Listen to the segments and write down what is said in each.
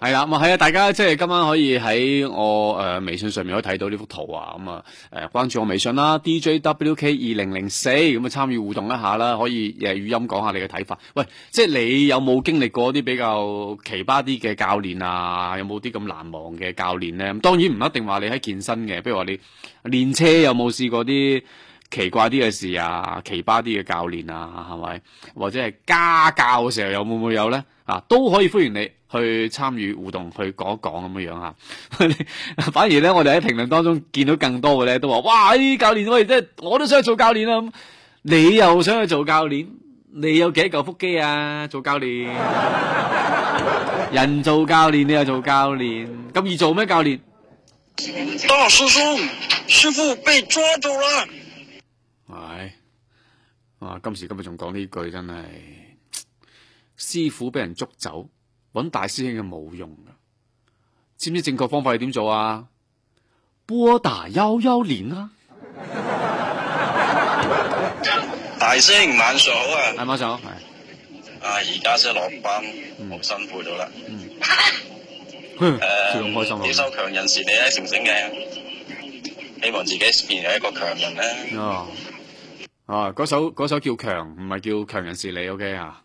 係啦，咁係啊！大家即係今晚可以喺我誒微信上面可以睇到呢幅圖啊，咁啊誒關注我微信啦，D J W K 二零零四咁啊參與互動一下啦，可以誒語音講下你嘅睇法。喂，即係你有冇經歷過啲比較奇葩啲嘅教練啊？有冇啲咁難忘嘅教練呢？當然唔一定話你喺健身嘅，譬如話你練車有冇試過啲奇怪啲嘅事啊？奇葩啲嘅教練啊，係咪？或者係家教嘅時候有冇會有呢？啊，都可以歡迎你去參與互動，去講一講咁樣樣吓！反而咧，我哋喺評論當中見到更多嘅咧，都話：哇！教練喂，我哋真係我都想去做教練啦，你又想去做教練？你有幾嚿腹肌啊？做教練，人做教練，你又做教練，咁易做咩？教練？大師兄，師傅被抓走啦！喂，哇！今時今日仲講呢句，真係。師傅俾人捉走，搵大師兄嘅冇用噶，知唔知正確方法係點做啊？撥打悠悠連啊！大師兄晚上好啊，係晚上好係。啊，而家先落班，好、嗯、辛苦咗啦。嗯，誒，你開心啊！接受強人是你啊，成成嘅，希望自己變成一個強人呢！哦，啊，嗰首嗰首叫強，唔係叫強人是你，OK 啊？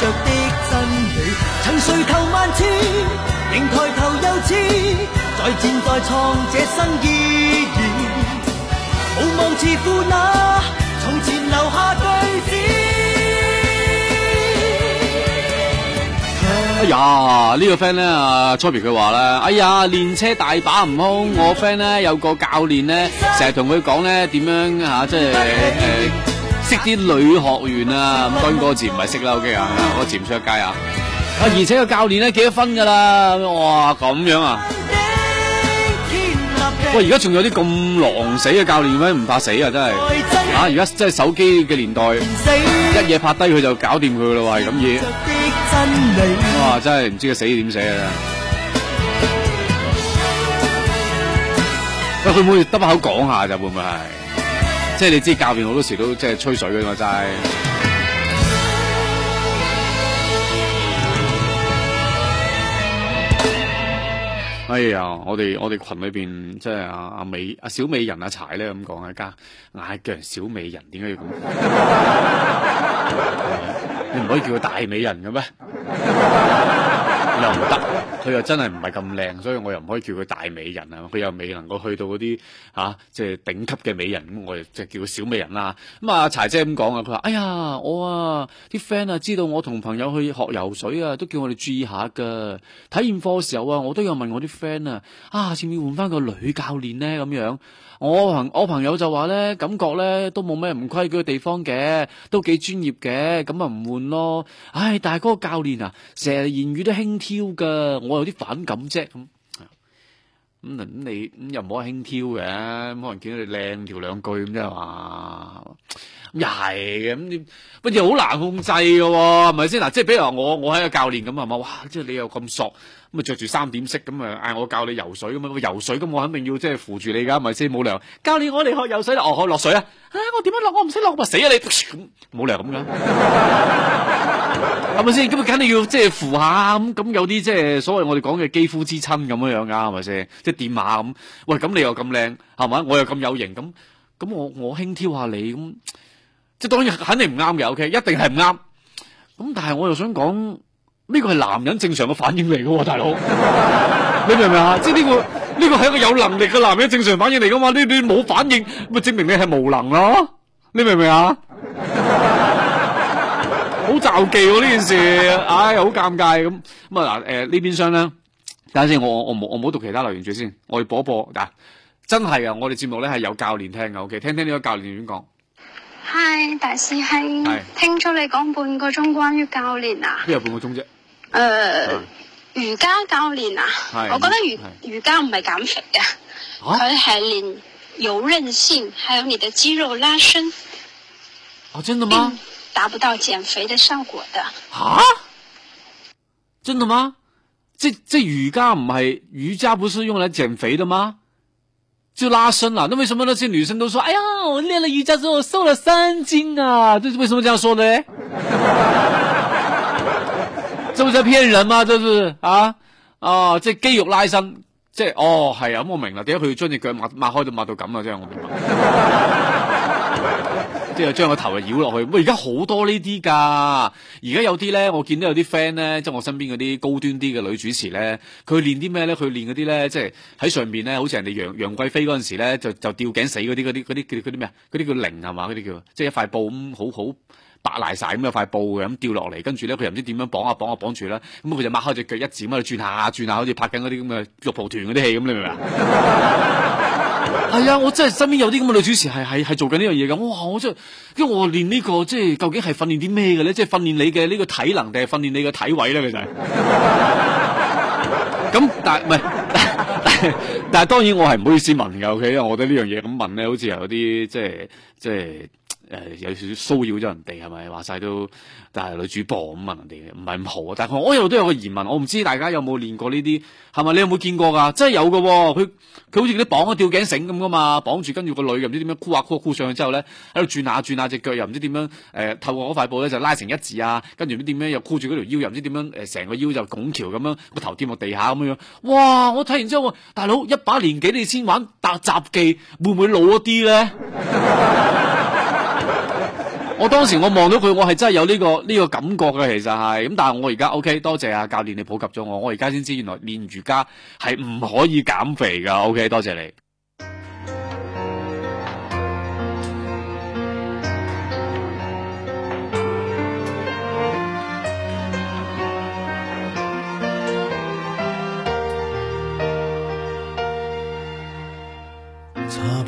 著的真理睡頭仍抬頭哎呀，這個、呢個 friend 咧啊，Toby 佢話咧，哎呀練車大把唔空，我 friend 咧有個教練咧，成日同佢講咧點樣吓，即係誒。就是啊識啲女學員啊，當然個字唔係識啦，OK 啊，我字唔出街啊。啊，而且個教練咧幾多分噶啦？哇，咁樣啊？喂，而家仲有啲咁狼死嘅教練咩？唔怕死啊，真係。啊，而家真係手機嘅年代，一嘢拍低佢就搞掂佢噶啦，係咁嘢。哇，真係唔知佢死點死啊！喂，會唔會得把口講下就？會唔會係？即係你知教練好多時都即係吹水嘅，我真係。哎呀，我哋我哋群裏面，即係阿阿美阿、啊、小美人阿、啊、柴咧咁講啊家，嗌、啊、叫小美人點解要咁？ 你唔可以叫佢大美人嘅咩？ 又唔得，佢又真係唔係咁靚，所以我又唔可以叫佢大美人啊！佢又未能夠去到嗰啲啊，即係頂級嘅美人，咁我哋即係叫佢小美人啦。咁啊，柴姐咁講啊，佢話：哎呀，我啊啲 friend 啊知道我同朋友去學游水啊，都叫我哋注意下噶。體驗課嘅時候啊，我都有問我啲 friend 啊，啊，要唔要換翻個女教練咧？咁樣。我朋我朋友就話咧，感覺咧都冇咩唔規矩嘅地方嘅，都幾專業嘅，咁啊唔換咯。唉，但係嗰個教練啊，成日言語都輕佻噶，我有啲反感啫咁。咁咁你咁又唔好輕佻嘅，咁可能見到你靚條兩句咁即係話，係嘅，咁你好難控制嘅，係咪先嗱？即係比如話我我喺個教練咁啊嘛，哇！即係你又咁傻。咁啊着住三點式咁啊！嗌我教你游水咁啊！我游水咁我肯定要即係扶住你噶，係咪先？冇理由，教你我哋學游水，哦，我學落水啊！啊，我點樣落？我唔識落啊！死啊你！冇理由咁噶，係咪先？咁啊，肯定要即係扶下咁。咁有啲即係所謂我哋講嘅肌膚之親咁樣樣噶，係咪先？即係電馬咁。喂，咁你又咁靚係咪？我又咁有型，咁咁我我輕挑下你咁，即係當然肯定唔啱嘅。O K，一定係唔啱。咁但係我又想講。呢個係男人正常嘅反應嚟嘅喎，大佬， 你明唔明啊？即係、呢、呢個呢、呢個係一個有能力嘅男人正常的反應嚟噶嘛？你你冇反應，咪證明你係無能咯？你明唔明 啊？好招忌呢件事，唉，好尷尬咁。咁啊嗱，誒呢邊箱咧，等下先，我我冇我冇讀其他留言住先，我要播一播嗱，真係啊，我哋節目咧係有教練聽嘅，OK，聽聽呢個教練點講。Hi，大師兄，是聽咗你講半個鐘關於教練啊？邊有半個鐘啫。誒，瑜伽教練啊，啊是我覺得瑜瑜伽唔係減肥嘅，佢係練柔韌性，還有你的肌肉拉伸。哦、啊，真的嗎？達不到減肥的效果的。啊，真的嗎？這這瑜伽唔係瑜伽，不是用來減肥的嗎？就拉伸啦，那為什麼那些女生都說，哎呀，我練了瑜伽之後瘦了三斤啊？這為什麼這樣說呢？ 都唔知騙人嘛、啊，這、就是啊啊！即係肌肉拉伸，即係哦係啊！咁、嗯、我明啦，點解佢要將隻腳抹擘開到抹到咁啊？即係我明， 即係將個頭啊繞落去。喂，而家好多呢啲噶，而家有啲咧，我見到有啲 friend 咧，即係我身邊嗰啲高端啲嘅女主持咧，佢練啲咩咧？佢練嗰啲咧，即係喺上邊咧，好似人哋楊楊貴妃嗰陣時咧，就就吊頸死嗰啲嗰啲嗰啲叫嗰啲咩嗰啲叫鈴係嘛？嗰啲叫即係一塊布咁、嗯，好好。白賴晒咁有塊布咁掉落嚟，跟住咧佢又唔知點樣綁啊綁啊綁住啦，咁佢就擘開隻腳一展喺度轉下轉下，好似拍緊嗰啲咁嘅肉蒲團嗰啲戲咁，你明唔明啊？係啊、 哎，我真係身邊有啲咁嘅女主持係係係做緊呢樣嘢咁哇！我真係，因為我練呢、呢個即係究竟係訓練啲咩嘅咧？即係訓練你嘅呢個體能定係訓練你嘅體位咧？其實咁， 但係唔係？但係當然我係唔好意思問嘅，OK？我覺得呢樣嘢咁問咧，好似有啲即係即係。誒、呃、有少少騷擾咗人哋係咪話晒都，但係女主播咁問人哋唔係咁好。啊。但係我一路都有個疑問，我唔知大家有冇練過呢啲，係咪你有冇見過㗎？真係有嘅、哦，佢佢好似嗰啲綁咗吊頸繩咁嘅嘛，綁住跟住個女嘅，唔知點樣箍啊箍，箍上去之後咧，喺度轉下轉下，隻腳又唔知點樣誒、呃，透過嗰塊布咧就拉成一字啊，跟住啲點樣又箍住嗰條腰，又唔知點樣誒，成、呃、個腰就拱橋咁樣，個頭跌落地下咁樣。哇！我睇完之後，大佬一把年紀你先玩搭雜技，會唔會老一啲咧？ 我當時我望到佢，我係真係有呢個呢個感覺嘅，其實係咁。但係我而家 OK，多謝啊教練，你普及咗我，我而家先知原來練瑜伽係唔可以減肥㗎。OK，多謝你。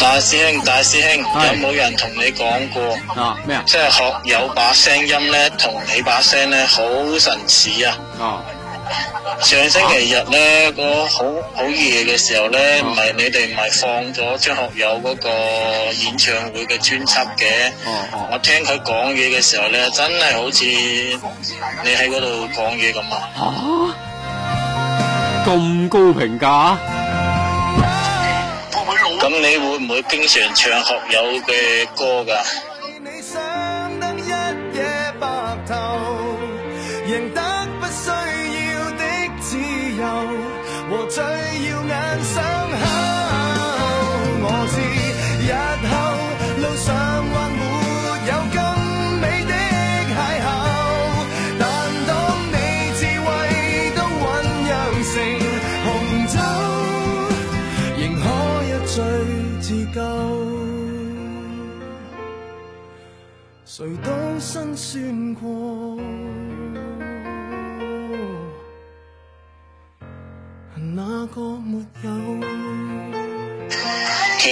大師兄，大師兄，是有冇人同你講過？咩啊？即係學友把聲音咧，同你把聲咧，好神似啊！啊上星期日咧，嗰個好好夜嘅時候咧，唔係、啊、你哋唔係放咗張學友嗰個演唱會嘅專輯嘅？啊啊、我聽佢講嘢嘅時候咧，真係好似你喺嗰度講嘢咁啊！咁高評價？咁你會唔會經常唱學友嘅的歌㗎的？其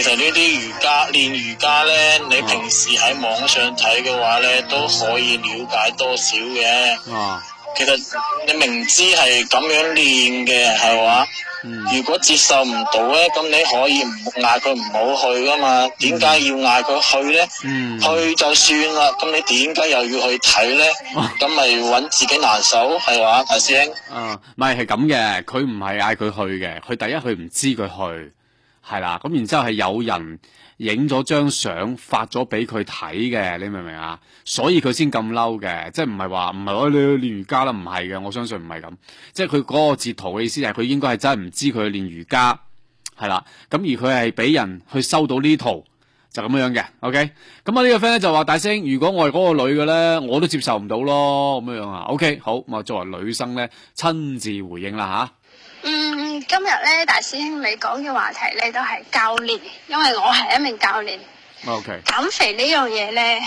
實呢啲瑜伽，練瑜伽呢，你平時喺網上睇嘅話呢，都可以了解多少嘅。嗯其實你明知係咁樣練嘅，係話，如果接受唔到咧，咁你可以唔嗌佢唔好去噶嘛？點解要嗌佢去咧？去就算啦，咁你點解又要去睇咧？咁咪揾自己難受，係話，大師兄。啊，咪係咁嘅，佢唔係嗌佢去嘅，佢第一佢唔知佢去，係啦，咁然之後係有人。.影咗張相發咗俾佢睇嘅，你明唔明啊？所以佢先咁嬲嘅，即係唔係話唔係我要你去練瑜伽啦？唔係嘅，我相信唔係咁。即係佢嗰個截圖嘅意思係佢應該係真係唔知佢去練瑜伽，係啦。咁而佢係俾人去收到呢圖，就咁樣嘅。OK，咁啊呢個 friend 咧就話：大聲，如果我係嗰個女嘅咧，我都接受唔到咯。咁樣啊。OK，好咁啊，作為女生咧，親自回應啦。嗯，今日咧大師兄你講嘅話題咧都係教練，因為我係一名教練。OK。減肥呢樣嘢咧，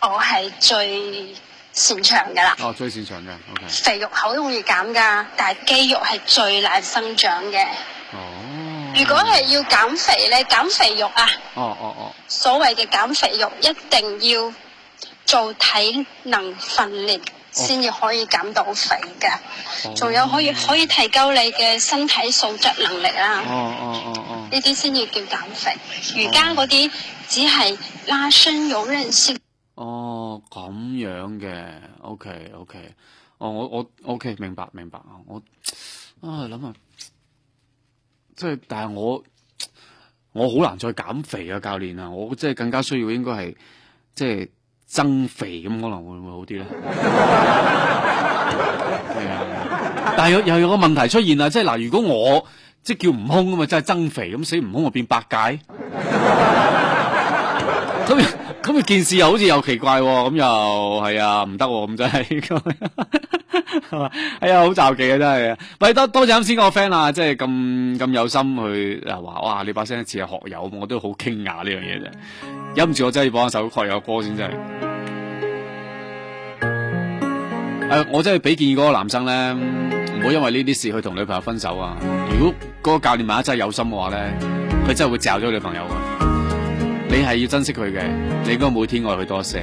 我係最擅長噶啦。哦，最擅長嘅。OK。肥肉好容易減噶，但係肌肉係最難生長嘅。哦。如果係要減肥咧，減肥肉啊。哦哦哦。所謂嘅減肥肉，一定要做體能訓練。先至、哦、可以減到肥嘅，仲、哦、有可以可以提高你嘅身體素質能力啦。哦哦哦哦，呢啲先要叫減肥。瑜伽嗰啲只係拉伸、有啲先。哦，咁樣嘅，OK OK，哦我我 OK 明白明白啊，我啊諗下，即係但係我我好難再減肥啊，教練啊，我即係更加需要應該係即係。增肥咁可能會唔會好啲咧、？ 嗯嗯嗯，但係又，又有個問題出現啊，即係嗱，如果我即係叫悟空啊嘛，真係增肥咁，死悟空我變八戒，咁咁件事又好似又奇怪喎，咁又係啊，唔得喎，咁真係，係 嘛、啊？哎呀，好詐忌啊，真係！唔係多多謝啱先個 friend 啊，即係咁咁有心去話哇，你把聲似係學友，我都好驚訝呢樣嘢啫，忍唔住我真係要播一首學友歌先真係。啊、我真係俾建議嗰個男生咧，唔好因為呢啲事去同女朋友分手啊！如果嗰個教練馬一真係有心嘅話咧，佢真係會嚼咗女朋友。啊。你係要珍惜佢嘅，你應該每天愛佢多些。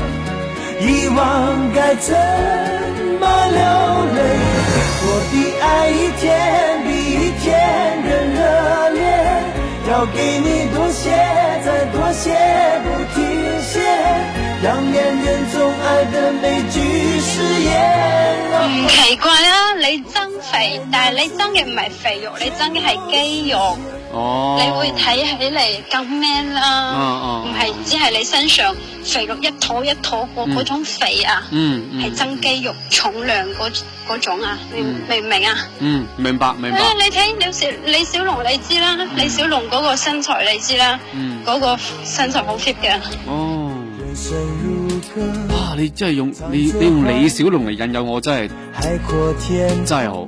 唔奇怪啊，你增肥，但係你增嘅唔係肥肉，你增嘅係肌肉。你會睇起嚟更 man 啦，唔係只係你身上肥肉一坨一坨個嗰種肥啊，係增肌肉重量嗰嗰種啊，你明唔明啊？嗯，明白明白。你睇李小李小龍你知啦，李小龍嗰個身材你知啦，嗰個身材好 fit 嘅。哦，哇！你真係用你你用李小龍嚟引誘我，真係真係好。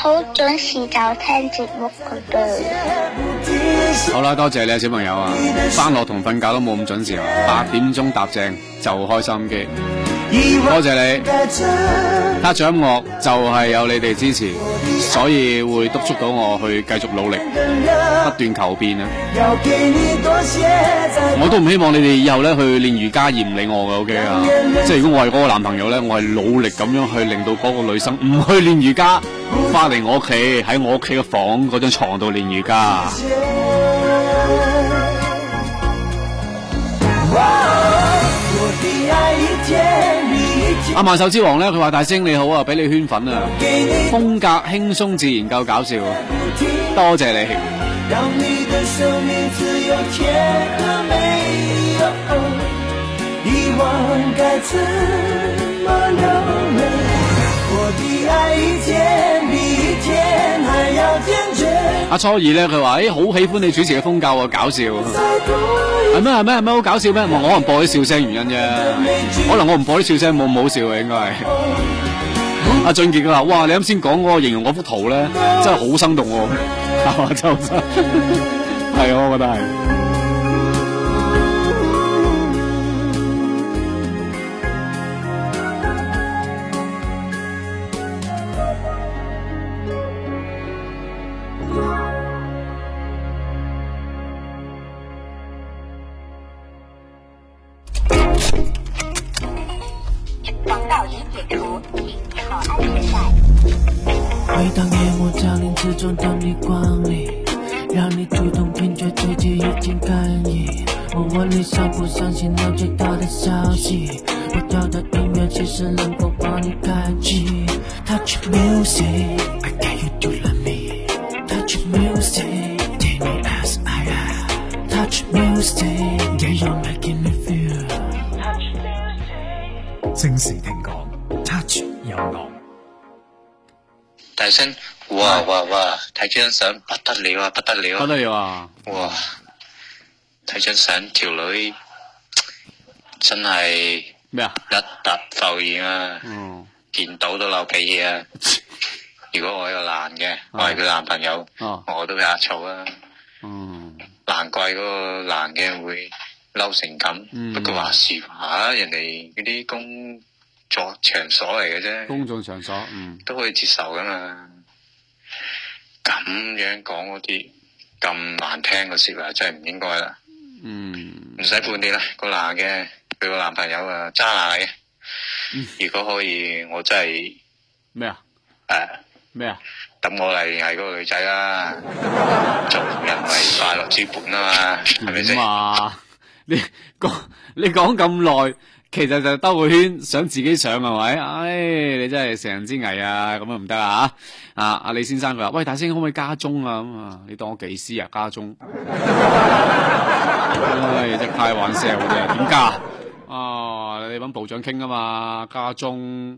好準時就聽節目嘅噃，好啦，多謝，謝你啊，小朋友啊，翻落，同瞓覺都冇咁準時啊，八點鐘搭正就開收音機。多謝,謝你，家獎樂就係有你哋支持，所以會督促到我去繼續努力，不斷求變啊！我都唔希望你哋以後咧去練瑜伽而唔理我嘅，OK 啊、嗯！即係如果我係嗰個男朋友咧，我係努力咁樣去令到嗰個女生唔去練瑜伽，翻嚟我屋企喺我屋企嘅房嗰張床度練瑜伽。謝謝阿、啊、萬壽之王呢，佢話大聲你好啊，俾你圈粉啊，你風格輕鬆自然，夠搞笑，啊、多謝你。阿、啊、初二呢，佢話誒，好、哎、喜歡你主持嘅風格、啊、搞笑。係咩？係咩？係咩？好搞笑咩？我可能播啲笑聲原因啫，可能我唔播啲笑聲冇咁好笑嘅，應該係。阿、哦啊、俊杰佢話：哇！你啱先講嗰個形容嗰幅圖咧，No. 真係好生動哦， 真係的很，係 啊，我覺得係。哇哇哇！睇張相不得了啊，不得了！不得了，不得了啊！哇！睇張相條女真係咩啊？一突浮現啊！嗯、見到都流鼻血啊！ 如果我係個男嘅，嗯、我係佢男朋友，嗯、我都會呷醋啊！嗯，難怪嗰個男嘅會嬲成咁。嗯、不過話時話人哋嗰啲工作場所嚟嘅啫，工作場所，嗯，都可以接受噶嘛。咁樣講嗰啲咁難聽嘅說話，真係唔應該啦。嗯，唔使判你啦，個男嘅佢個男朋友啊，渣男嚟。嗯、如果可以，我真係咩啊？誒，咩啊？等我嚟係嗰個女仔啦，做人為快樂之本啊嘛，係咪先？咁啊？你講你講咁耐，其實就兜個圈，想自己上係咪？唉、哎，你真係成人之危啊！咁啊唔得啦吓，啊阿李先生佢話：喂，大師兄可唔可以加鐘啊，啊？你當我技師啊？加鐘，唉、 哎，真係太玩笑嘅，點加啊？你揾部長傾啊嘛，加鐘。